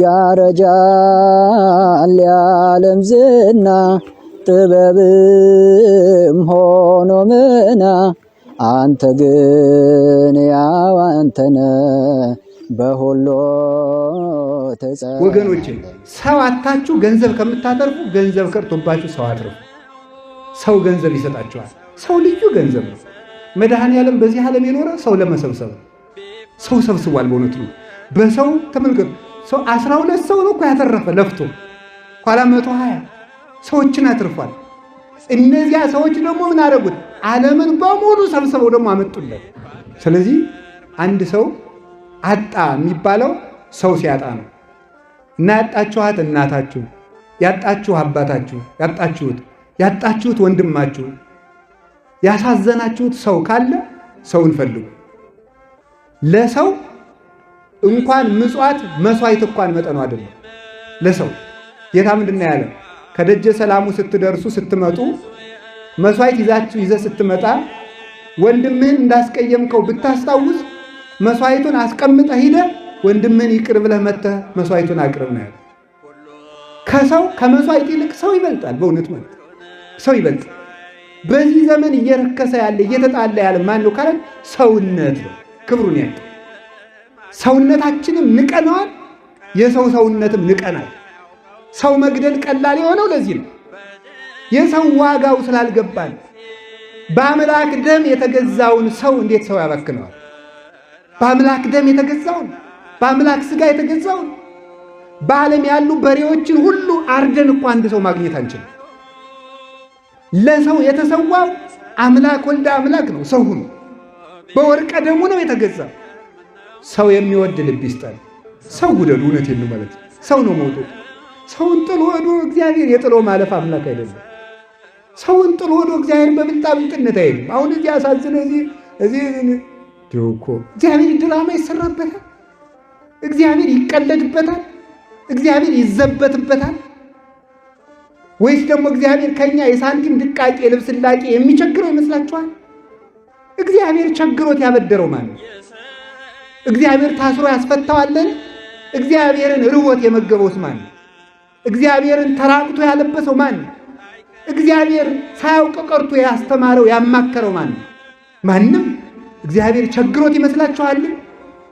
ያረጃል ያለም ዝና ጥበብም ሆኖ ምና አንተ ግን ያው አንተነ በሁሉ ወገኖቼ፣ ሰው አታችሁ ገንዘብ ከምታተርፉ ገንዘብ ቀርቶባችሁ ሰው አትርፉ። ሰው ገንዘብ ይሰጣችኋል። ሰው ልዩ ገንዘብ ነው። መድኃኔዓለም በዚህ ዓለም የኖረ ሰው ለመሰብሰብ ሰው ሰብስቧል። በእውነት ነው በሰው ተመልከቱ። ሰው አስራ ሁለት ሰው ነው እኮ ያተረፈ ለፍቶ ኋላ መቶ ሀያ ሰዎችን አትርፏል። እነዚያ ሰዎች ደግሞ ምን አደረጉት? ዓለምን በሙሉ ሰብስበው ደግሞ አመጡለት። ስለዚህ አንድ ሰው አጣ የሚባለው ሰው ሲያጣ ነው። እና ያጣችኋት እናታችሁ፣ ያጣችሁ አባታችሁ፣ ያጣችሁት ያጣችሁት ወንድማችሁ፣ ያሳዘናችሁት ሰው ካለ ሰውን ፈልጉ ለሰው እንኳን ምጽዋት መስዋይት እንኳን መጠኑ አይደለም ለሰው ጌታ ምንድን ነው ያለው? ከደጀ ሰላሙ ስትደርሱ ስትመጡ መስዋይት ይዛችሁ ይዘ ስትመጣ ወንድምህን እንዳስቀየምከው ብታስታውስ መስዋዕቱን አስቀምጠ ሂደ ወንድምህን ይቅር ብለህ መተ መስዋዕቱን አቅርብ ነው ያለ። ከሰው ከመስዋዕት ይልቅ ሰው ይበልጣል። በእውነት ማለት ሰው ይበልጣል። በዚህ ዘመን እየረከሰ ያለ እየተጣላ ያለ ማን ነው ካለን ሰውነት ነው ክብሩን ያለ ሰውነታችንም ንቀነዋል፣ የሰው ሰውነትም ንቀናል። ሰው መግደል ቀላል የሆነው ለዚህ ነው። የሰው ዋጋው ስላልገባን በአምላክ ደም የተገዛውን ሰው እንዴት ሰው ያባክነዋል? በአምላክ ደም የተገዛውን በአምላክ ስጋ የተገዛውን በዓለም ያሉ በሬዎችን ሁሉ አርደን እኮ አንድ ሰው ማግኘት አንችልም። ለሰው የተሰዋው አምላክ ወልደ አምላክ ነው። ሰው ሁኑ በወርቀ ደሙ ነው የተገዛው። ሰው የሚወድ ልብ ይስጠን። ሰው ውደዱ። እውነት ነው ማለት ሰው ነው መውደድ። ሰውን ጥሎ ወዶ እግዚአብሔር የጥሎ ማለፍ አምላክ አይደለም። ሰውን ጥሎ ወዶ እግዚአብሔር በብልጣብልጥነት አይሄድም። አሁን እዚህ አሳዝነ እዚህ እዚህ እኮ እግዚአብሔር ድራማ ይሰራበታል። እግዚአብሔር ይቀለድበታል። እግዚአብሔር ይዘበትበታል። ወይስ ደግሞ እግዚአብሔር ከኛ የሳንቲም ድቃቄ ልብስ ላቄ የሚቸግረው ይመስላችኋል? እግዚአብሔር ቸግሮት ያበደረው ማለት እግዚአብሔር ታስሮ ያስፈታዋለን? እግዚአብሔርን ርቦት የመገበውስ ማን? እግዚአብሔርን ተራቅቶ ያለበሰው ማን? እግዚአብሔር ሳያውቅ ቀርቶ ያስተማረው ያማከረው ማን? ማንም። እግዚአብሔር ቸግሮት ይመስላችኋል?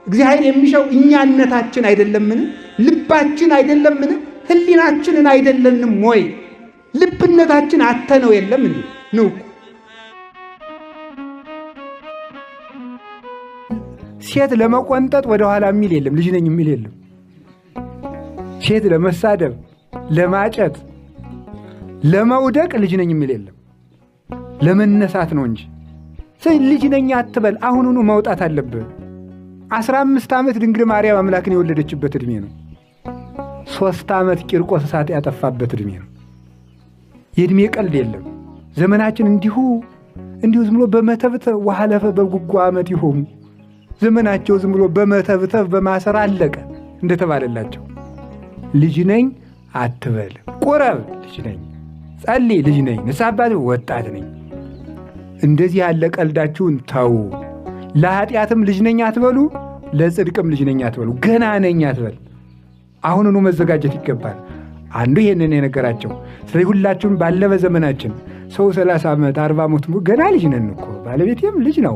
እግዚአብሔር የሚሻው እኛነታችን አይደለምን? ልባችን አይደለምን? ህሊናችንን አይደለንም ወይ? ልብነታችን አተነው የለም እንዴ ንቁ ሴት ለመቆንጠጥ ወደኋላ የሚል የለም። ልጅ ነኝ የሚል የለም። ሴት ለመሳደብ፣ ለማጨት፣ ለመውደቅ ልጅ ነኝ የሚል የለም። ለመነሳት ነው እንጂ ልጅ ነኝ አትበል። አሁኑኑ መውጣት አለብህ። አስራ አምስት ዓመት ድንግል ማርያም አምላክን የወለደችበት ዕድሜ ነው። ሦስት ዓመት ቂርቆስ እሳት ያጠፋበት ዕድሜ ነው። የዕድሜ ቀልድ የለም። ዘመናችን እንዲሁ እንዲሁ ዝም ብሎ በመተብተ ለፈ በጉጓ ዓመት ይሆሙ ዘመናቸው ዝም ብሎ በመተብተብ በማሰር አለቀ እንደተባለላቸው። ልጅ ነኝ አትበል፣ ቁረብ፣ ልጅ ነኝ፣ ጸልይ፣ ልጅ ነኝ፣ ንስሐ አባት፣ ወጣት ነኝ። እንደዚህ ያለ ቀልዳችሁን ተዉ። ለኃጢአትም ልጅ ነኝ አትበሉ፣ ለጽድቅም ልጅ ነኝ አትበሉ፣ ገና ነኝ አትበል። አሁንኑ መዘጋጀት ይገባል። አንዱ ይህንን የነገራቸው። ስለዚህ ሁላችሁን ባለበ ዘመናችን ሰው ሰላሳ ዓመት አርባ ዓመት ገና ልጅ ነን እኮ ባለቤቴም ልጅ ነው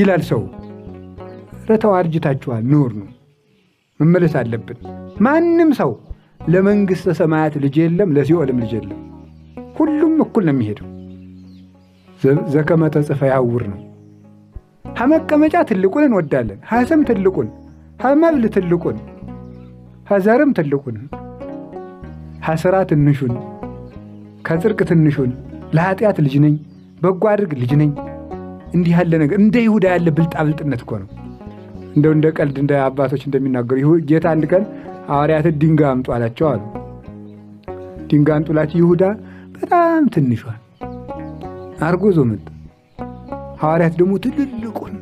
ይላል ሰው ረተው አርጅታችኋል፣ ኑር ነው መመለስ አለብን። ማንም ሰው ለመንግሥተ ሰማያት ልጅ የለም፣ ለሲኦልም ልጅ የለም። ሁሉም እኩል ነው የሚሄደው። ዘከመተ ጽፈ ያውር ነው። ሀመቀመጫ ትልቁን እንወዳለን፣ ሀሰም ትልቁን፣ ሀመብል ትልቁን፣ ሀዘርም ትልቁን፣ ሀስራ ትንሹን፣ ከጽርቅ ትንሹን፣ ለኃጢአት ልጅ ነኝ፣ በጎ አድርግ ልጅ ነኝ እንዲህ ያለ ነገር እንደ ይሁዳ ያለ ብልጣብልጥነት እኮ ነው። እንደው እንደ ቀልድ እንደ አባቶች እንደሚናገሩ ጌታ አንድ ቀን ሐዋርያትን ድንጋይ አምጡ አላቸው አሉ። ድንጋይ አምጡ ይሁዳ በጣም ትንሿን አርጎ ዞ መጣ። ሐዋርያት ደግሞ ትልልቁን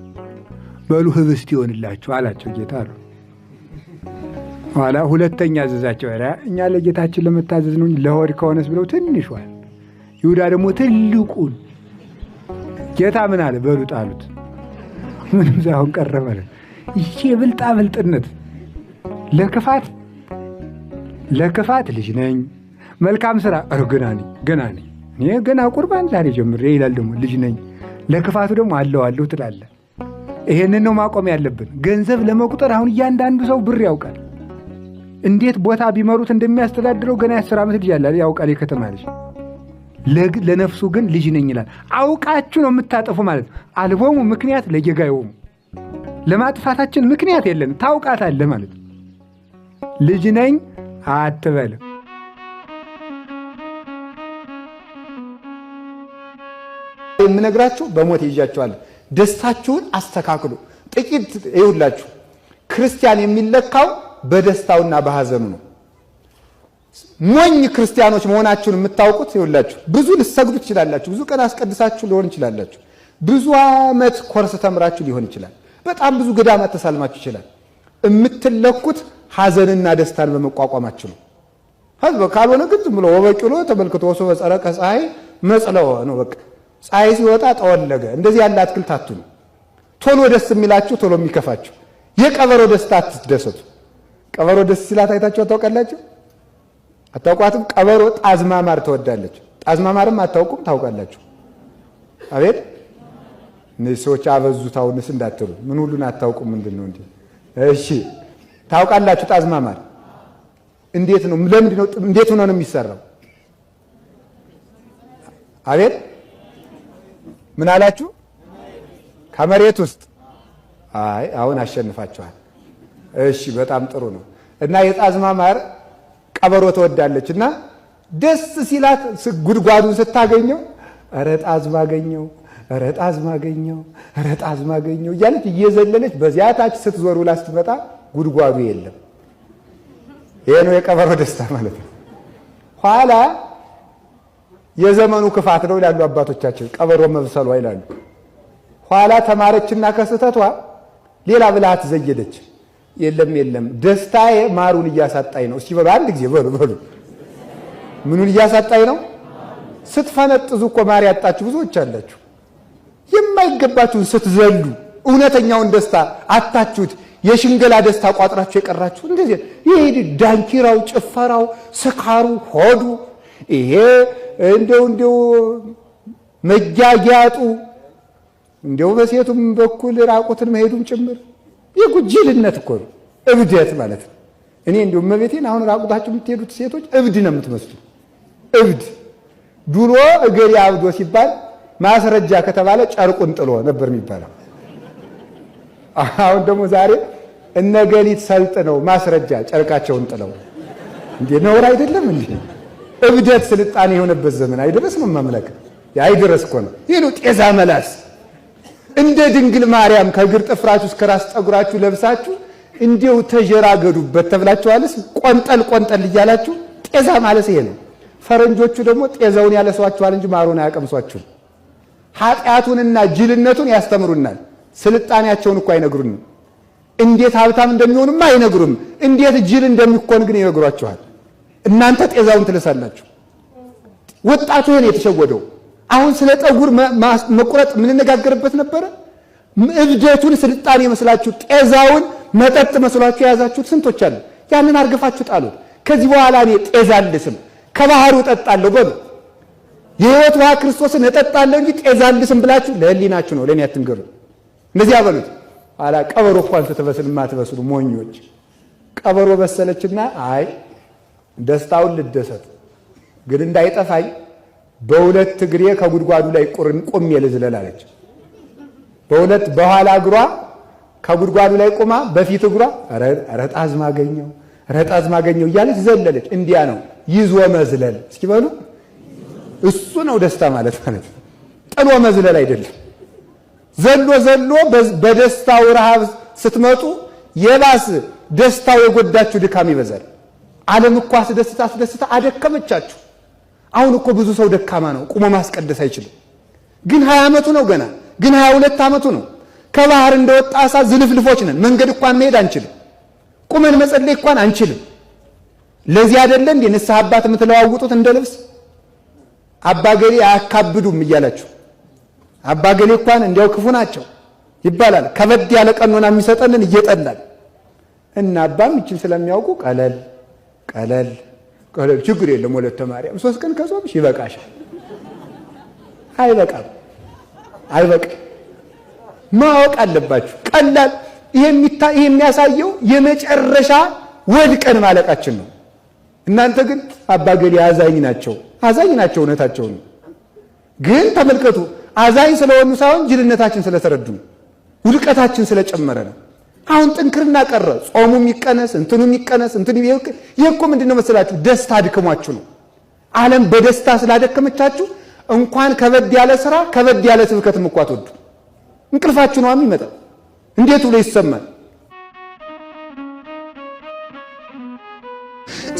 በሉ ህብስት ይሆንላቸው አላቸው ጌታ አሉ። ኋላ ሁለተኛ አዘዛቸው። እኛ ለጌታችን ለመታዘዝ ነው፣ ለሆድ ከሆነስ ብለው ትንሿን፣ ይሁዳ ደግሞ ትልቁን ጌታ ምን አለ? በሉጥ አሉት። ምንም ሳይሆን ቀረ ማለት የብልጣ ብልጥነት ለክፋት ለክፋት ልጅ ነኝ፣ መልካም ስራ ገና ነኝ ገና ነኝ እኔ ገና ቁርባን ዛሬ ጀምሬ ይላል። ደግሞ ልጅ ነኝ ለክፋቱ ደግሞ አለው አለው ይሄንን ነው ማቆም ያለብን። ገንዘብ ለመቁጠር አሁን እያንዳንዱ ሰው ብር ያውቃል። እንዴት ቦታ ቢመሩት እንደሚያስተዳድረው ገና የአስር ዓመት ልጅ ያለ ያውቃል የከተማ ልጅ ለነፍሱ ግን ልጅ ነኝ ይላል። አውቃችሁ ነው የምታጠፉ ማለት አልቦሙ ምክንያት ለጌጋዮሙ ለማጥፋታችን ምክንያት የለን ታውቃታለህ ማለት ልጅ ነኝ አትበል። የምነግራችሁ በሞት ይዣችኋል። ደስታችሁን አስተካክሉ። ጥቂት ይሁላችሁ። ክርስቲያን የሚለካው በደስታውና በሐዘኑ ነው። ሞኝ ክርስቲያኖች መሆናችሁን የምታውቁት ይኸውላችሁ፣ ብዙ ልሰግዱ ትችላላችሁ። ብዙ ቀን አስቀድሳችሁ ሊሆን ይችላላችሁ። ብዙ ዓመት ኮርስ ተምራችሁ ሊሆን ይችላል። በጣም ብዙ ገዳማት ተሳልማችሁ ይችላል። የምትለኩት ሐዘንና ደስታን በመቋቋማችሁ ነው። ካልሆነ ግን ዝም ብሎ ወበቂሎ ተመልክቶ ወሶ በጸረቀ ፀሐይ መጽለው ነው። በቃ ፀሐይ ሲወጣ ጠወለገ። እንደዚህ ያለ አትክልት አትሁኑ። ቶሎ ደስ የሚላችሁ ቶሎ የሚከፋችሁ። የቀበሮ ደስታ አትደሰቱ። ቀበሮ ደስ ሲላት አይታችሁ አታውቃላችሁ? አታውቋትም? ቀበሮ ጣዝማ ማር ትወዳለች። ጣዝማ ማርም አታውቁም? ታውቃላችሁ? አቤት እነዚህ ሰዎች አበዙት። አሁንስ እንዳትሉ ምን ሁሉን አታውቁም። ምንድን ነው እንዲ? እሺ ታውቃላችሁ? ጣዝማ ማር እንዴት ነው? ለምንድ ነው? እንዴት ሆኖ ነው የሚሰራው? አቤት ምን አላችሁ? ከመሬት ውስጥ አይ፣ አሁን አሸንፋችኋል። እሺ በጣም ጥሩ ነው። እና የጣዝማ ማር ቀበሮ ትወዳለች እና ደስ ሲላት ጉድጓዱን ስታገኘው ኧረ ጣዝ ማገኘው ኧረ ጣዝ ማገኘው ኧረ ማገኘው እያለች እየዘለለች በዚያ ታች ስትዞር ውላ ስትመጣ ጉድጓዱ የለም። ይሄ ነው የቀበሮ ደስታ ማለት ነው። ኋላ የዘመኑ ክፋት ነው ይላሉ አባቶቻችን፣ ቀበሮ መብሰሏ ይላሉ። ኋላ ተማረችና ከስህተቷ ሌላ ብልሃት ዘየደች። የለም የለም፣ ደስታዬ ማሩን እያሳጣኝ ነው። እስኪ አንድ ጊዜ በሉ በሉ። ምኑን እያሳጣኝ ነው? ስትፈነጥዙ እኮ ማር ያጣችሁ ብዙዎች አላችሁ። የማይገባችሁን ስትዘሉ እውነተኛውን ደስታ አታችሁት። የሽንገላ ደስታ ቋጥራችሁ የቀራችሁ እንደዚህ። ይሄ ዳንኪራው፣ ጭፈራው፣ ስካሩ፣ ሆዱ ይሄ እንደው እንደው መጃጊያጡ እንደው በሴቱም በኩል ራቁትን መሄዱም ጭምር የጉጅልነት እኮ ነው፣ እብደት ማለት ነው። እኔ እንዲሁም እመቤቴን አሁን ራቁታችሁ የምትሄዱት ሴቶች እብድ ነው የምትመስሉ። እብድ ድሮ እገሌ አብዶ ሲባል ማስረጃ ከተባለ ጨርቁን ጥሎ ነበር የሚባለው። አሁን ደግሞ ዛሬ እነ ገሊት ሰልጥነው ማስረጃ ጨርቃቸውን ጥለው እንዴ! ነውር አይደለም እንዴ? እብደት ስልጣኔ የሆነበት ዘመን አይደረስ ነው መምለክ አይደረስ እኮ ነው። ይህ ነው ጤዛ መላስ እንደ ድንግል ማርያም ከእግር ጥፍራችሁ እስከ ራስ ጠጉራችሁ ለብሳችሁ እንዲው ተጀራገዱበት ተብላችኋልስ። ቆንጠል ቆንጠል እያላችሁ ጤዛ ማለት ይሄ ነው። ፈረንጆቹ ደግሞ ጤዛውን ያለሷችኋል እንጂ ማሮን አያቀምሷችሁም። ኃጢአቱንና ጅልነቱን ያስተምሩናል። ስልጣኔያቸውን እኮ አይነግሩንም። እንዴት ሀብታም እንደሚሆኑም አይነግሩም። እንዴት ጅል እንደሚኮን ግን ይነግሯችኋል። እናንተ ጤዛውን ትልሳላችሁ። ወጣቱ ይሄን የተሸወደው አሁን ስለ ጠጉር መቁረጥ የምንነጋገርበት ነበረ። እብደቱን ስልጣኔ መስላችሁ ጤዛውን መጠጥ መስሏችሁ የያዛችሁት ስንቶች አሉ። ያንን አርግፋችሁ ጣሉት። ከዚህ በኋላ እኔ ጤዛ አልስም፣ ከባህሩ እጠጣለሁ በሉ። የሕይወት ውሃ ክርስቶስን እጠጣለሁ እንጂ ጤዛ አልስም ብላችሁ ለህሊናችሁ ነው፣ ለእኔ አትንገሩ። እንደዚህ አበሉት። ኋላ ቀበሮ እንኳን ስትበስል የማትበስሉ ሞኞች። ቀበሮ በሰለችና አይ ደስታውን ልደሰት ግን እንዳይጠፋኝ በሁለት እግሬ ከጉድጓዱ ላይ ቁም የልዝለል አለች። በሁለት በኋላ እግሯ ከጉድጓዱ ላይ ቁማ በፊት እግሯ ረጣዝ ማገኘው ረጣዝ ማገኘው እያለች ዘለለች። እንዲያ ነው ይዞ መዝለል። እስኪ በሉ እሱ ነው ደስታ ማለት ማለት ነው። ጥሎ መዝለል አይደለም። ዘሎ ዘሎ በደስታው ረሃብ ስትመጡ የባስ ደስታው የጎዳችሁ ድካም ይበዛል። ዓለም እኮ አስደስታ አስደስታ አደከመቻችሁ። አሁን እኮ ብዙ ሰው ደካማ ነው፣ ቁሞ ማስቀደስ አይችልም። ግን ሀያ ዓመቱ ነው ገና፣ ግን ሀያ ሁለት ዓመቱ ነው። ከባህር እንደወጣ አሳ ዝልፍልፎች ነን። መንገድ እንኳን መሄድ አንችልም። ቁመን መጸለይ እንኳን አንችልም። ለዚህ አይደለ እንዴ ንስሐ አባት የምትለዋውጡት እንደ ልብስ? አባገሌ አያካብዱም እያላችሁ አባገሌ እንኳን እንዲያው ክፉ ናቸው ይባላል። ከበድ ያለ ቀኖና የሚሰጠንን እየጠላል እና አባ ምችል ስለሚያውቁ ቀለል ቀለል ችግር የለም ወለተ ማርያም ሶስት ቀን ከጾምሽ ይበቃሻል። አይበቃም፣ አይበቃም። ማወቅ አለባችሁ። ቀላል ይሄ የሚያሳየው የመጨረሻ ወድቀን ማለቃችን ነው። እናንተ ግን አባገሌ አዛኝ ናቸው፣ አዛኝ ናቸው፣ እውነታቸውን ግን ተመልከቱ። አዛኝ ስለሆኑ ሳይሆን ጅልነታችን ስለተረዱ ውድቀታችን ስለጨመረ ነው። አሁን ጥንክርና ቀረ። ጾሙ የሚቀነስ እንትኑ የሚቀነስ እንትኑ ይሄ እኮ ምንድነው መሰላችሁ? ደስታ አድክሟችሁ ነው። ዓለም በደስታ ስላደከመቻችሁ እንኳን ከበድ ያለ ስራ ከበድ ያለ ስብከትም እኮ አትወዱ። እንቅልፋችሁ ነው የሚመጣ። እንዴት ብሎ ይሰማል?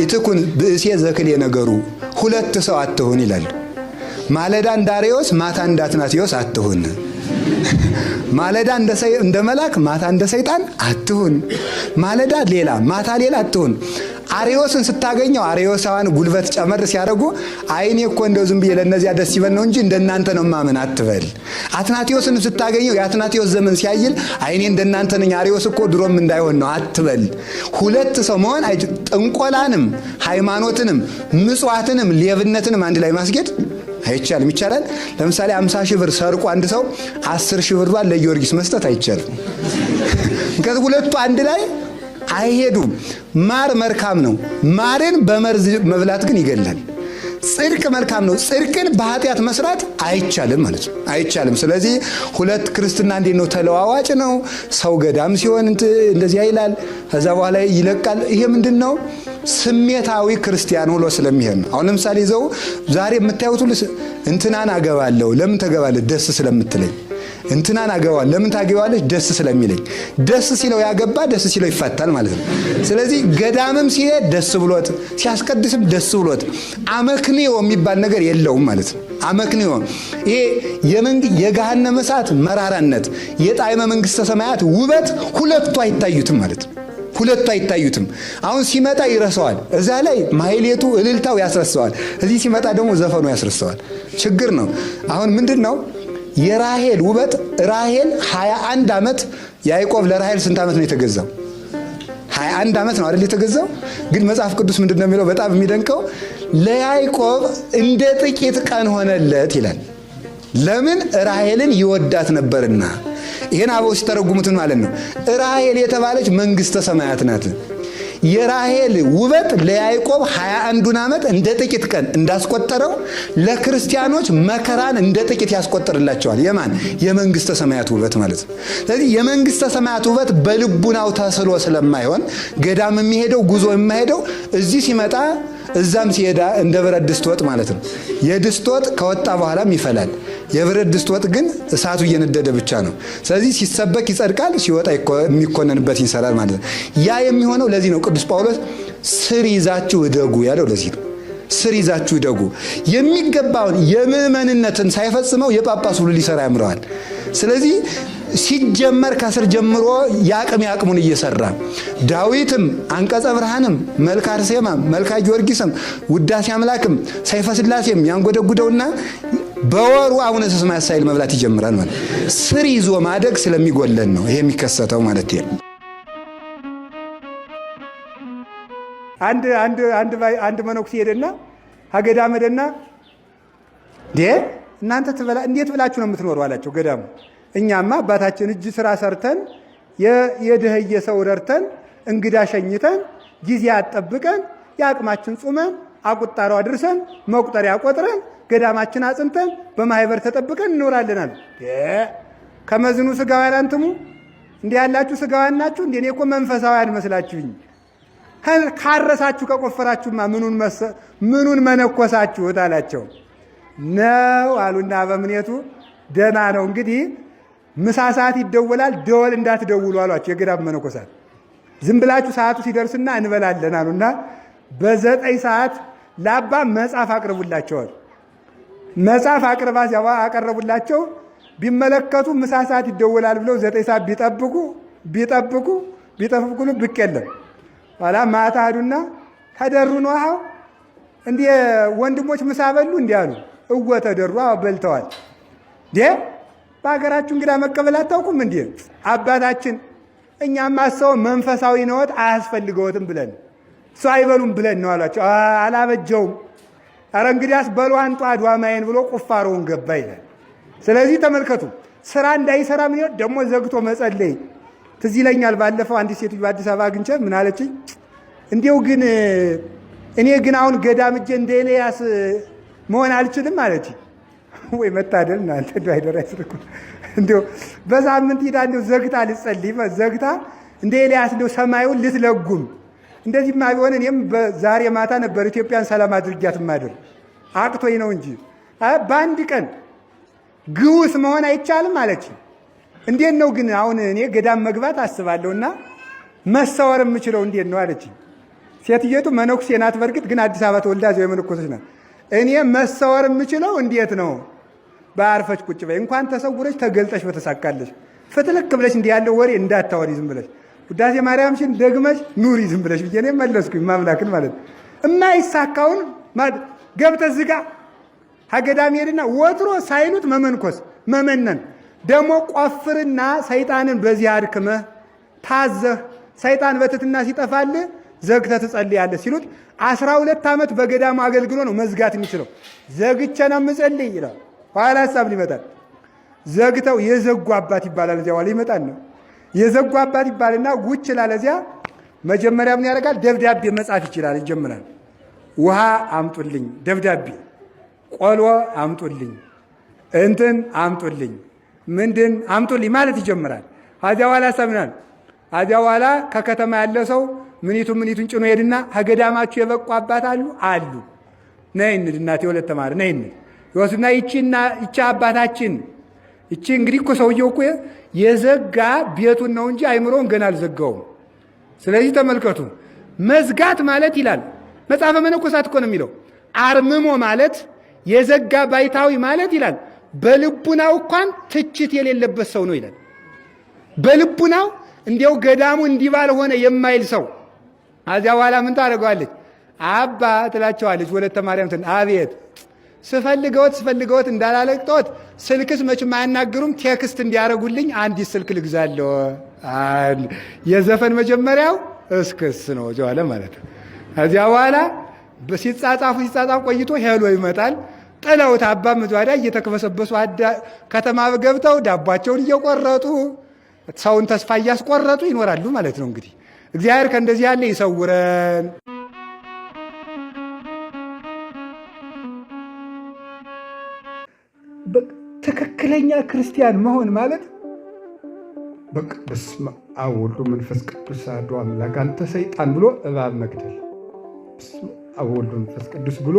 ኢትኩን ብእሴ ዘክሌ ነገሩ ሁለት ሰው አትሆን ይላል። ማለዳ እንዳሬዎስ ማታ እንዳትናቴዎስ አትሆን ማለዳ እንደ መልአክ ማታ እንደ ሰይጣን አትሁን። ማለዳ ሌላ ማታ ሌላ አትሁን። አሪዮስን ስታገኘው አሪዮሳውያን ጉልበት ጨመር ሲያደርጉ አይኔ እኮ እንደው ዝም ብዬ ለእነዚያ ደስ ይበል ነው እንጂ እንደናንተ ነው ማመን አትበል። አትናቴዎስን ስታገኘው የአትናቴዎስ ዘመን ሲያይል አይኔ እንደናንተ ነኝ፣ አሪዮስ እኮ ድሮም እንዳይሆን ነው አትበል። ሁለት ሰው መሆን ጥንቆላንም፣ ሃይማኖትንም፣ ምጽዋትንም፣ ሌብነትንም አንድ ላይ ማስጌድ አይቻልም። ይቻላል። ለምሳሌ አምሳ ሺህ ብር ሰርቆ አንድ ሰው አስር ሺህ ብሯን ለጊዮርጊስ መስጠት አይቻልም። ከዚህ ሁለቱ አንድ ላይ አይሄዱም። ማር መልካም ነው። ማርን በመርዝ መብላት ግን ይገላል። ጽድቅ መልካም ነው። ጽድቅን በኃጢአት መስራት አይቻልም ማለት ነው፣ አይቻልም። ስለዚህ ሁለት ክርስትና እንዴት ነው? ተለዋዋጭ ነው። ሰው ገዳም ሲሆን እንደዚያ ይላል፣ ከዛ በኋላ ይለቃል። ይሄ ምንድን ነው? ስሜታዊ ክርስቲያን ውሎ ስለሚሄድ ነው። አሁን ለምሳሌ ይዘው ዛሬ የምታዩት ሁሉ እንትናን አገባለሁ። ለምን ተገባለ ደስ ስለምትለኝ እንትናን አገባዋል። ለምን ታገባዋለች? ደስ ስለሚለኝ። ደስ ሲለው ያገባ ደስ ሲለው ይፋታል ማለት ነው። ስለዚህ ገዳምም ሲሄድ ደስ ብሎት፣ ሲያስቀድስም ደስ ብሎት፣ አመክንዮ የሚባል ነገር የለውም ማለት ነው። አመክንዮ ይሄ የገሃነመ እሳት መራራነት፣ የጣዕመ መንግሥተ ሰማያት ውበት ሁለቱ አይታዩትም ማለት ነው። ሁለቱ አይታዩትም። አሁን ሲመጣ ይረሰዋል። እዛ ላይ ማይሌቱ እልልታው ያስረሰዋል። እዚህ ሲመጣ ደግሞ ዘፈኑ ያስረሰዋል። ችግር ነው። አሁን ምንድን ነው? የራሄል ውበት ራሄል 21 ዓመት ያዕቆብ ለራሄል ስንት ዓመት ነው የተገዛው? 21 ዓመት ነው አይደል የተገዛው። ግን መጽሐፍ ቅዱስ ምንድን ነው የሚለው? በጣም የሚደንቀው ለያዕቆብ እንደ ጥቂት ቀን ሆነለት ይላል። ለምን? ራሄልን ይወዳት ነበርና። ይሄን አበው ሲተረጉሙትን ማለት ነው ራሄል የተባለች መንግስተ ሰማያት ናት። የራሄል ውበት ለያዕቆብ ሃያ አንዱን ዓመት እንደ ጥቂት ቀን እንዳስቆጠረው ለክርስቲያኖች መከራን እንደ ጥቂት ያስቆጥርላቸዋል። የማን የመንግስተ ሰማያት ውበት ማለት ነው። ስለዚህ የመንግስተ ሰማያት ውበት በልቡናው ተስሎ ስለማይሆን ገዳም የሚሄደው ጉዞ የማይሄደው እዚህ ሲመጣ እዛም ሲሄዳ እንደ ብረት ድስት ወጥ ማለት ነው። የድስት ወጥ ከወጣ በኋላም ይፈላል። የብረት ድስት ወጥ ግን እሳቱ እየነደደ ብቻ ነው። ስለዚህ ሲሰበክ ይጸድቃል፣ ሲወጣ የሚኮነንበት ይንሰራል ማለት ነው። ያ የሚሆነው ለዚህ ነው ቅዱስ ጳውሎስ ስር ይዛችሁ እደጉ ያለው ለዚህ ነው። ስር ይዛችሁ እደጉ። የሚገባውን የምዕመንነትን ሳይፈጽመው የጳጳሱ ሁሉ ሊሰራ ያምረዋል። ስለዚህ ሲጀመር ከስር ጀምሮ የአቅም ያቅሙን እየሰራ ዳዊትም አንቀጸ ብርሃንም መልካ አርሴማም መልካ ጊዮርጊስም ውዳሴ አምላክም ሰይፈ ስላሴም ያንጎደጉደውና በወሩ አቡነ ስማ መብላት ይጀምራል ማለት ስር ይዞ ማደግ ስለሚጎለን ነው ይሄ የሚከሰተው ማለት ነው። አንድ አንድ አንድ አንድ መነኩሴ ሄደና እናንተ ትበላ እንዴት ብላችሁ ነው የምትኖሩ አላቸው ገዳሙ እኛማ አባታችን እጅ ስራ ሰርተን የድህየ ሰው ደርተን እንግዳ ሸኝተን ጊዜ አጠብቀን የአቅማችን ጾመን አቁጣሮ አድርሰን መቁጠሪያ ቆጥረን ገዳማችን አጽንተን በማህበር ተጠብቀን እንኖራለናል። ከመዝኑ ስጋውያን አንትሙ እንዲህ ያላችሁ ስጋ ናችሁ። እንደ እኔ እኮ መንፈሳዊ መስላችሁኝ። ካረሳችሁ ከቆፈራችሁማ ምኑን መነኮሳችሁት አላቸው ነው አሉና በምኔቱ ደና ነው እንግዲህ ምሳ ሰዓት ይደወላል። ደወል እንዳትደውሉ አሏቸው የገዳም መነኮሳት። ዝም ብላችሁ ሰዓቱ ሲደርስና እንበላለን አሉና በዘጠኝ ሰዓት ለአባ መጽሐፍ አቅርቡላቸዋል። መጽሐፍ አቅርባ አቀረቡላቸው። ቢመለከቱ ምሳ ሰዓት ይደወላል ብለው ዘጠኝ ሰዓት ቢጠብቁ ቢጠብቁ ቢጠብቁሉ ብቅ የለም። ኋላ ማታ አዱና ተደሩ ነው አሁ እንዲህ ወንድሞች ምሳ በሉ እንዲህ አሉ። እወ ተደሩ በልተዋል። በሀገራችሁ እንግዳ መቀበል አታውቁም እንዴ? አባታችን እኛማ ሰው መንፈሳዊ ነዎት አያስፈልገዎትም ብለን ሰው አይበሉም ብለን ነው አሏቸው። አላበጀውም። አረ እንግዲያስ በሉ አንጡ አድዋማዬን ብሎ ቁፋሮውን ገባ ይላል። ስለዚህ ተመልከቱ፣ ስራ እንዳይሰራ ምን ይሆን ደግሞ ዘግቶ መጸለይ። ትዝ ይለኛል ባለፈው አንዲት ሴትዮ በአዲስ አበባ አግኝቼ ምን አለችኝ፣ እንዲው ግን እኔ ግን አሁን ገዳም እጄ እንደ ኤልያስ መሆን አልችልም አለችኝ። ወይ መታደል እናንተ እንደ አይደር አይስርኩ እንዲሁ በሳምንት ሂዳ እንዲሁ ዘግታ ልጸልይ ዘግታ እንደ ኤልያስ እንዲሁ ሰማዩን ልትለጉም እንደዚህማ ቢሆን እኔም በዛሬ ማታ ነበር ኢትዮጵያን ሰላም አድርጊያት ማድር አቅቶኝ ነው እንጂ በአንድ ቀን ግውስ መሆን አይቻልም አለች። እንዴት ነው ግን አሁን እኔ ገዳም መግባት አስባለሁና መሰወር የምችለው እንዴት ነው አለች። ሴትየቱ መነኩሴ ናት። በእርግጥ ግን አዲስ አበባ ተወልዳ እዚያው የመነኮሰች ናት። እኔ መሰወር የምችለው እንዴት ነው? በአርፈች ቁጭ በይ። እንኳን ተሰውረች ተገልጠች በተሳካለች ፍትልክ ብለች እንዲህ ያለው ወሬ እንዳታወሪ ዝም ብለች ውዳሴ ማርያምሽን ደግመሽ ኑሪ ዝም ብለሽ ብዬ እኔ መለስኩኝ። ማምላክን ማለት እማይሳካውን ገብተ ዝጋ ሀገዳም ሄድና ወትሮ ሳይሉት መመንኮስ መመነን ደግሞ ቆፍርና ሰይጣንን በዚህ አድክመህ ታዘህ ሰይጣን በትትና ሲጠፋልህ ዘግተ ትጸልያለህ ሲሉት አስራ ሁለት ዓመት በገዳም አገልግሎ ነው መዝጋት የሚችለው። ዘግቼ ነው የምጸልይ ይላል። ኋላ ሀሳብ ሊመጣል። ዘግተው የዘጉ አባት ይባላል። እዚያ ኋላ ይመጣል ነው የዘጉ አባት ይባልና ውጭ ላለ እዚያ መጀመሪያ ምን ያደርጋል? ደብዳቤ መጻፍ ይችላል። ይጀምራል። ውሃ አምጡልኝ፣ ደብዳቤ፣ ቆሎ አምጡልኝ፣ እንትን አምጡልኝ፣ ምንድን አምጡልኝ ማለት ይጀምራል። አዚያ ኋላ ሰምናል። አዚያ ኋላ ከከተማ ያለ ሰው ምኒቱ ምኒቱን ጭኖ ሄድና ከገዳማችሁ የበቁ አባት አሉ አሉ ነይ እንድ እናቴ ሁለት ተማር ነይ እንድ ይቺና ይቺ አባታችን ይቺ እንግዲህ እኮ ሰውየው እኮ የዘጋ ቤቱን ነው እንጂ አይምሮን ገና አልዘጋውም። ስለዚህ ተመልከቱ መዝጋት ማለት ይላል መጽሐፈ መነኮሳት እኮ ነው የሚለው አርምሞ ማለት የዘጋ ባይታዊ ማለት ይላል። በልቡናው እንኳን ትችት የሌለበት ሰው ነው ይላል። በልቡናው እንዲያው ገዳሙ እንዲባል ሆነ የማይል ሰው አዚያ በኋላ ምን ታደርገዋለች? አባ ትላቸዋለች። ወለተ ማርያም ትን አቤት ስፈልገውት ስፈልገውት እንዳላለቅጦት ስልክስ መቼም አያናግሩም። ቴክስት እንዲያደርጉልኝ አንዲት ስልክ ልግዛለሁ። የዘፈን መጀመሪያው እስክስ ነው ጀዋለ ማለት ከዚያ በኋላ ሲጻጻፉ ሲጻጻፉ ቆይቶ ሄሎ ይመጣል። ጥለውት አባ መዟዳ እየተከበሰበሱ ከተማ ገብተው ዳቧቸውን እየቆረጡ ሰውን ተስፋ እያስቆረጡ ይኖራሉ ማለት ነው እንግዲህ እግዚአብሔር ከእንደዚህ ያለ ይሰውረን። ትክክለኛ ክርስቲያን መሆን ማለት በቃ በስመ አብ ወልዶ መንፈስ ቅዱስ አሐዱ አምላክ አንተ ሰይጣን ብሎ እባብ መግደል፣ በስመ አብ ወልዶ መንፈስ ቅዱስ ብሎ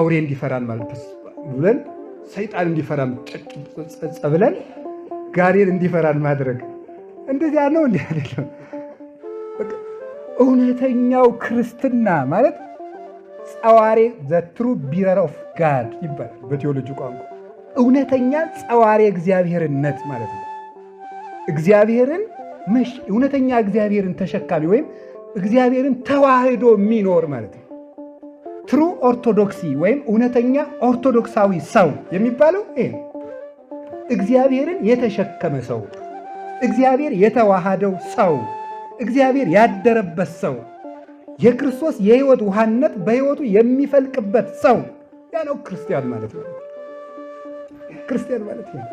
አውሬ እንዲፈራን ማለት ብለን ሰይጣን እንዲፈራን ጨጭ ብለን ጋኔን እንዲፈራን ማድረግ እንደዚያ ነው። እንዲ አይደለም። እውነተኛው ክርስትና ማለት ጸዋሬ ዘትሩ ቢረር ኦፍ ጋድ ይባላል በቴዎሎጂ ቋንቋ። እውነተኛ ጸዋሬ እግዚአብሔርነት ማለት ነው። እግዚአብሔርን እውነተኛ እግዚአብሔርን ተሸካሚ ወይም እግዚአብሔርን ተዋህዶ የሚኖር ማለት ነው። ትሩ ኦርቶዶክሲ ወይም እውነተኛ ኦርቶዶክሳዊ ሰው የሚባለው ይሄ ነው። እግዚአብሔርን የተሸከመ ሰው፣ እግዚአብሔር የተዋሃደው ሰው እግዚአብሔር ያደረበት ሰው የክርስቶስ የህይወት ውሃነት በህይወቱ የሚፈልቅበት ሰው ያ ነው ክርስቲያን ማለት ነው። ክርስቲያን ማለት ነው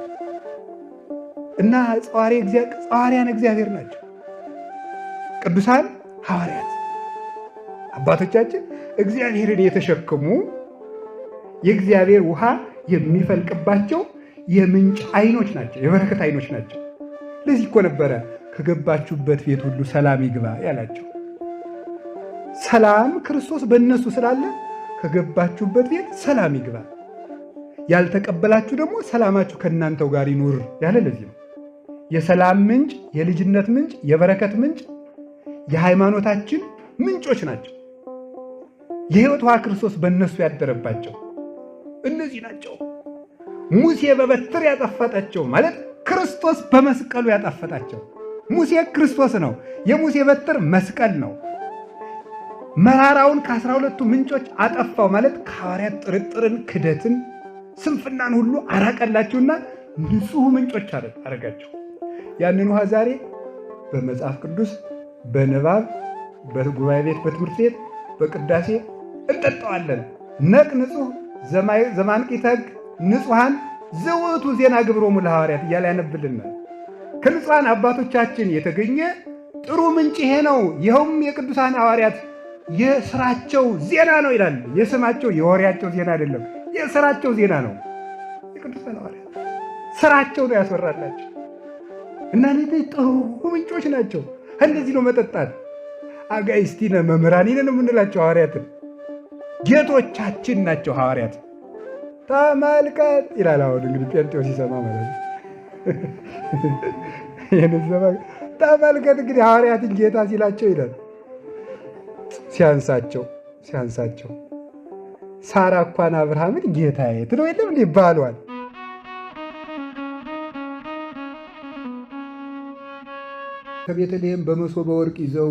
እና ጸዋርያን እግዚአብሔር ናቸው። ቅዱሳን ሐዋርያት አባቶቻችን እግዚአብሔርን የተሸከሙ የእግዚአብሔር ውሃ የሚፈልቅባቸው የምንጭ አይኖች ናቸው፣ የበረከት አይኖች ናቸው። ለዚህ እኮ ነበረ ከገባችሁበት ቤት ሁሉ ሰላም ይግባ ያላቸው። ሰላም ክርስቶስ በእነሱ ስላለ ከገባችሁበት ቤት ሰላም ይግባ፣ ያልተቀበላችሁ ደግሞ ሰላማችሁ ከእናንተው ጋር ይኑር ያለ ለዚህ ነው። የሰላም ምንጭ፣ የልጅነት ምንጭ፣ የበረከት ምንጭ፣ የሃይማኖታችን ምንጮች ናቸው። የህይወት ውሃ ክርስቶስ በእነሱ ያደረባቸው እነዚህ ናቸው። ሙሴ በበትር ያጠፈጣቸው ማለት ክርስቶስ በመስቀሉ ያጠፈጣቸው ሙሴ ክርስቶስ ነው። የሙሴ በትር መስቀል ነው። መራራውን ከአስራ ሁለቱ ምንጮች አጠፋው ማለት ከሐዋርያት ጥርጥርን፣ ክደትን፣ ስንፍናን ሁሉ አራቀላችሁና ንጹሕ ምንጮች አረጋቸው። ያንን ውሃ ዛሬ በመጽሐፍ ቅዱስ በንባብ በጉባኤ ቤት በትምህርት ቤት በቅዳሴ እንጠጣዋለን። ነቅ ንጹሕ ዘማንቂት ሕግ ንጹሐን ዘውቱ ዜና ግብሮሙ ለሐዋርያት እያለ ያነብልናል። ከንጹሐን አባቶቻችን የተገኘ ጥሩ ምንጭ ይሄ ነው። ይኸውም የቅዱሳን ሐዋርያት የስራቸው ዜና ነው ይላል። የስማቸው የወሬያቸው ዜና አይደለም፣ የስራቸው ዜና ነው። የቅዱሳን ሐዋርያት ስራቸው ነው ያስወራላቸው እና እነዚህ ጥሩ ምንጮች ናቸው። እንደዚህ ነው መጠጣት። አጋይስቲነ መምህራኒነ ነው የምንላቸው ሐዋርያትን ጌቶቻችን ናቸው ሐዋርያት። ተመልከት ይላል። አሁን እንግዲህ ጴንጤው ሲሰማ ማለት ነው። የንዘባ ተመልከት እንግዲህ ሐዋርያትን ጌታ ሲላቸው ይላል ሲያንሳቸው ሲያንሳቸው ሳራ እንኳን አብርሃምን ጌታዬ ትለው የለም ከቤተልሔም ወርቅ ይዘው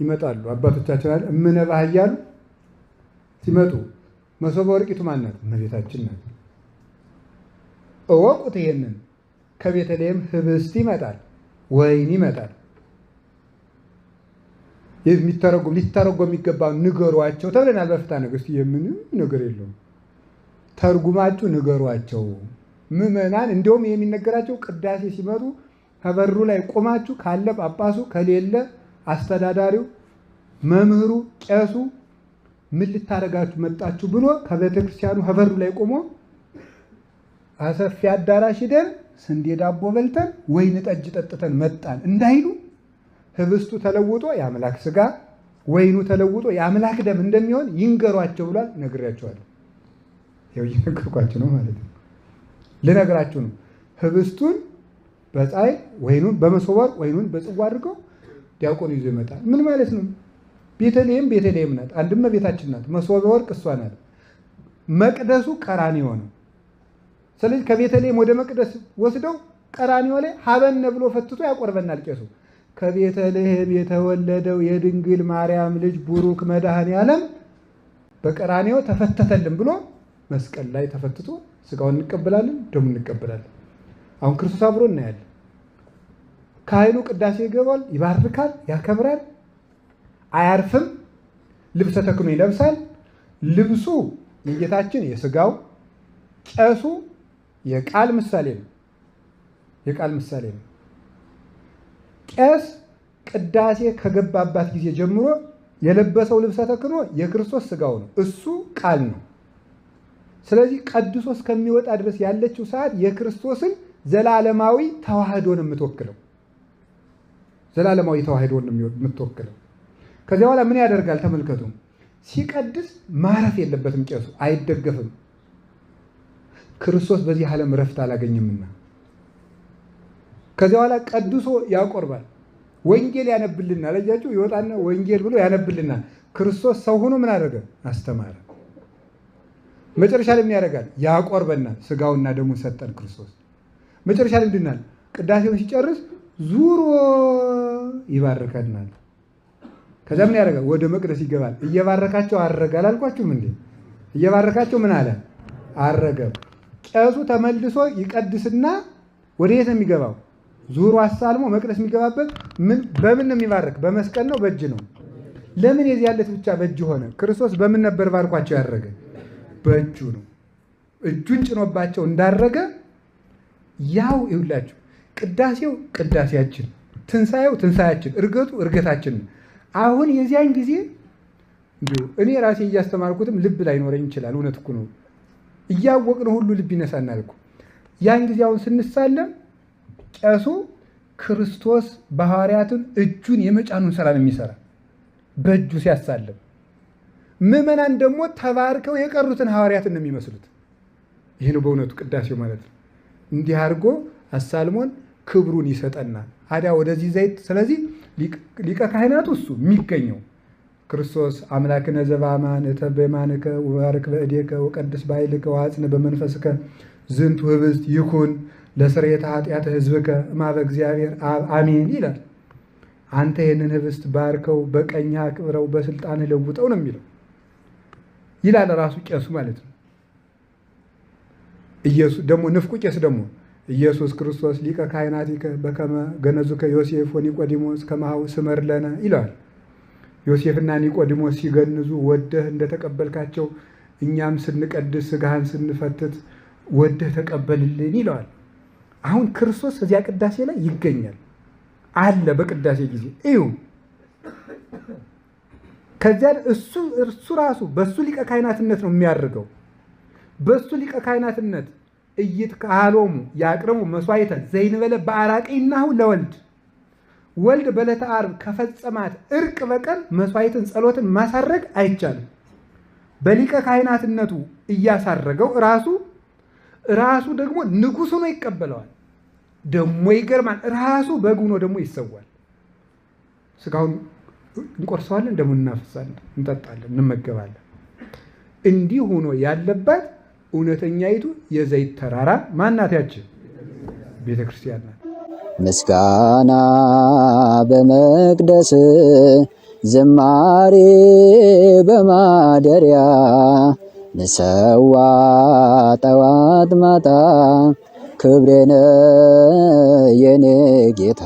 ይመጣሉ አባቶቻችን አለ እምነ ሲመጡ መሶበ ወርቂቱ ናት? እመቤታችን ናት። እወቁት ይሄንን ከቤተልሔም ህብስት ይመጣል፣ ወይን ይመጣል። የሚተረጎም ሊተረጎም የሚገባው ንገሯቸው ተብለናል። በፍታ ነገስቱ የምንም ነገር የለውም። ተርጉማችሁ ንገሯቸው ምዕመናን። እንዲሁም የሚነገራቸው ቅዳሴ ሲመጡ ከበሩ ላይ ቁማችሁ ካለ ጳጳሱ ከሌለ አስተዳዳሪው፣ መምህሩ፣ ቄሱ ምን ልታደርጋችሁ መጣችሁ ብሎ ከቤተክርስቲያኑ ከበሩ ላይ ቆሞ አሰፊ አዳራሽ ሂደን ስንዴ ዳቦ በልተን ወይን ጠጅ ጠጥተን መጣን እንዳይሉ ህብስቱ ተለውጦ የአምላክ ስጋ፣ ወይኑ ተለውጦ የአምላክ ደም እንደሚሆን ይንገሯቸው ብሏል። ነግሬያቸዋለሁ። ይኸው እየነገርኳቸው ነው ማለት ነው። ልነግራችሁ ነው። ህብስቱን በፀሐይ ወይኑን በመሶበር ወይኑን በጽዋ አድርገው ዲያቆኑ ይዞ ይመጣል። ምን ማለት ነው? ቤተልሔም ቤተልሔም ናት፣ አንድም ቤታችን ናት። መሶበ ወርቅ እሷ ናት። መቅደሱ ቀራንዮ ነው። ስለዚህ ከቤተልሔም ወደ መቅደስ ወስደው ቀራኒዮ ላይ ሀበነ ብሎ ፈትቶ ያቆርበናል ቄሱ። ከቤተልሔም የተወለደው የድንግል ማርያም ልጅ ቡሩክ መድኃኔ ዓለም በቀራኒዮ ተፈተተልን ብሎ መስቀል ላይ ተፈትቶ ስጋውን እንቀበላለን፣ ደሙን እንቀበላለን። አሁን ክርስቶስ አብሮ እናያለን። ካህኑ ቅዳሴ ይገባል፣ ይባርካል፣ ያከብራል፣ አያርፍም። ልብሰ ተክህኖ ይለብሳል። ልብሱ የጌታችን የስጋው ጨሱ የቃል ምሳሌ ነው። የቃል ምሳሌ ነው። ቄስ ቅዳሴ ከገባባት ጊዜ ጀምሮ የለበሰው ልብሰ ተክህኖ የክርስቶስ ስጋው ነው። እሱ ቃል ነው። ስለዚህ ቀድሶ እስከሚወጣ ድረስ ያለችው ሰዓት የክርስቶስን ዘላለማዊ ነው የምትወክለው ዘላለማዊ ነው የምትወክለው። ከዚያ በኋላ ምን ያደርጋል? ተመልከቱ። ሲቀድስ ማረፍ የለበትም ቄሱ አይደገፍም። ክርስቶስ በዚህ ዓለም ረፍት አላገኝምና ከዚያ በኋላ ቀድሶ ያቆርባል። ወንጌል ያነብልናል። አያችሁ፣ ይወጣና ወንጌል ብሎ ያነብልናል። ክርስቶስ ሰው ሆኖ ምን አደረገ? አስተማረ። መጨረሻ ላይ ምን ያደርጋል? ያቆርበናል። ስጋውና ደሙ ሰጠን ክርስቶስ። መጨረሻ ላይ ምንድናል? ቅዳሴውን ሲጨርስ ዙሮ ይባርከናል። ከዛ ምን ያደርጋል? ወደ መቅደስ ይገባል። እየባረካቸው አረገ። አላልኳችሁም እንዴ? እየባረካቸው ምን አለ? አረገ። ጨሱ ተመልሶ ይቀድስና ወደ የት ነው የሚገባው? ዙሩ አሳልሞ መቅደስ የሚገባበት በምን ነው የሚባረክ? በመስቀል ነው፣ በእጅ ነው። ለምን የዚህ ያለት ብቻ በእጅ ሆነ? ክርስቶስ በምን ነበር ባርኳቸው ያደረገ? በእጁ ነው። እጁን ጭኖባቸው እንዳረገ ያው ይሁላችሁ። ቅዳሴው ቅዳሴያችን፣ ትንሣኤው ትንሣያችን፣ እርገቱ እርገታችን ነው። አሁን የዚያን ጊዜ እኔ ራሴ እያስተማርኩትም ልብ ላይኖረኝ ይችላል። እውነት እኮ ነው። እያወቅን ሁሉ ልብ ይነሳናል እኮ ያን ጊዜ አሁን ስንሳለም ቄሱ ክርስቶስ ባህርያትን እጁን የመጫኑን ስራ ነው የሚሰራ በእጁ ሲያሳልም፣ ምእመናን ደግሞ ተባርከው የቀሩትን ሐዋርያትን ነው የሚመስሉት። ይህ ነው በእውነቱ ቅዳሴው ማለት ነው። እንዲህ አድርጎ አሳልሞን ክብሩን ይሰጠናል። አዲያ ወደዚህ ዘይት ስለዚህ ሊቀ ካህናቱ እሱ የሚገኘው ክርስቶስ አምላክነ ዘበአማን ተበማንከ ወባርክ በእዴከ ወቀድስ ባይልከ ወአጽን በመንፈስከ ዝንት ህብስት ይኩን ለስርየተ ኃጢአተ ህዝብከ እማበ እግዚአብሔር አብ አሜን ይላል። አንተ ይህንን ህብስት ባርከው፣ በቀኝ አክብረው፣ በስልጣን ለውጠው ነው የሚለው ይላል ራሱ ቄሱ ማለት ነው። ኢየሱስ ደግሞ ንፍቁ ቄስ ደግሞ ኢየሱስ ክርስቶስ ሊቀ ካህናቲከ በከመ ገነዙከ ዮሴፍ ወኒቆዲሞስ ከማሁ ስመር ለነ ይለዋል። ዮሴፍና ኒቆዲሞስ ሲገንዙ ወደህ እንደተቀበልካቸው እኛም ስንቀድስ ስጋህን ስንፈትት ወደህ ተቀበልልን ይለዋል። አሁን ክርስቶስ እዚያ ቅዳሴ ላይ ይገኛል አለ። በቅዳሴ ጊዜ እዩ። ከዚያ እሱ እርሱ ራሱ በእሱ ሊቀ ካህናትነት ነው የሚያደርገው። በእሱ ሊቀ ካህናትነት እይት ካህሎሙ ያቅርቡ መስዋዕተ ዘይንበለ እናሁ ለወልድ ወልድ በዕለተ ዓርብ ከፈጸማት እርቅ በቀር መስዋዕትን፣ ጸሎትን ማሳረግ አይቻልም። በሊቀ ካህናትነቱ እያሳረገው ራሱ ራሱ ደግሞ ንጉሥ ሆኖ ይቀበለዋል። ደግሞ ይገርማል። ራሱ በግ ሆኖ ደግሞ ይሰዋል። ስጋውን እንቆርሰዋለን፣ ደግሞ እናፈሳለን፣ እንጠጣለን፣ እንመገባለን። እንዲህ ሆኖ ያለባት እውነተኛይቱ የዘይት ተራራ ማናት? ያችን ቤተክርስቲያን ናት። ምስጋና በመቅደስ ዝማሬ በማደሪያ ንሰዋ ጠዋት ማታ ክብሬነ የኔ ጌታ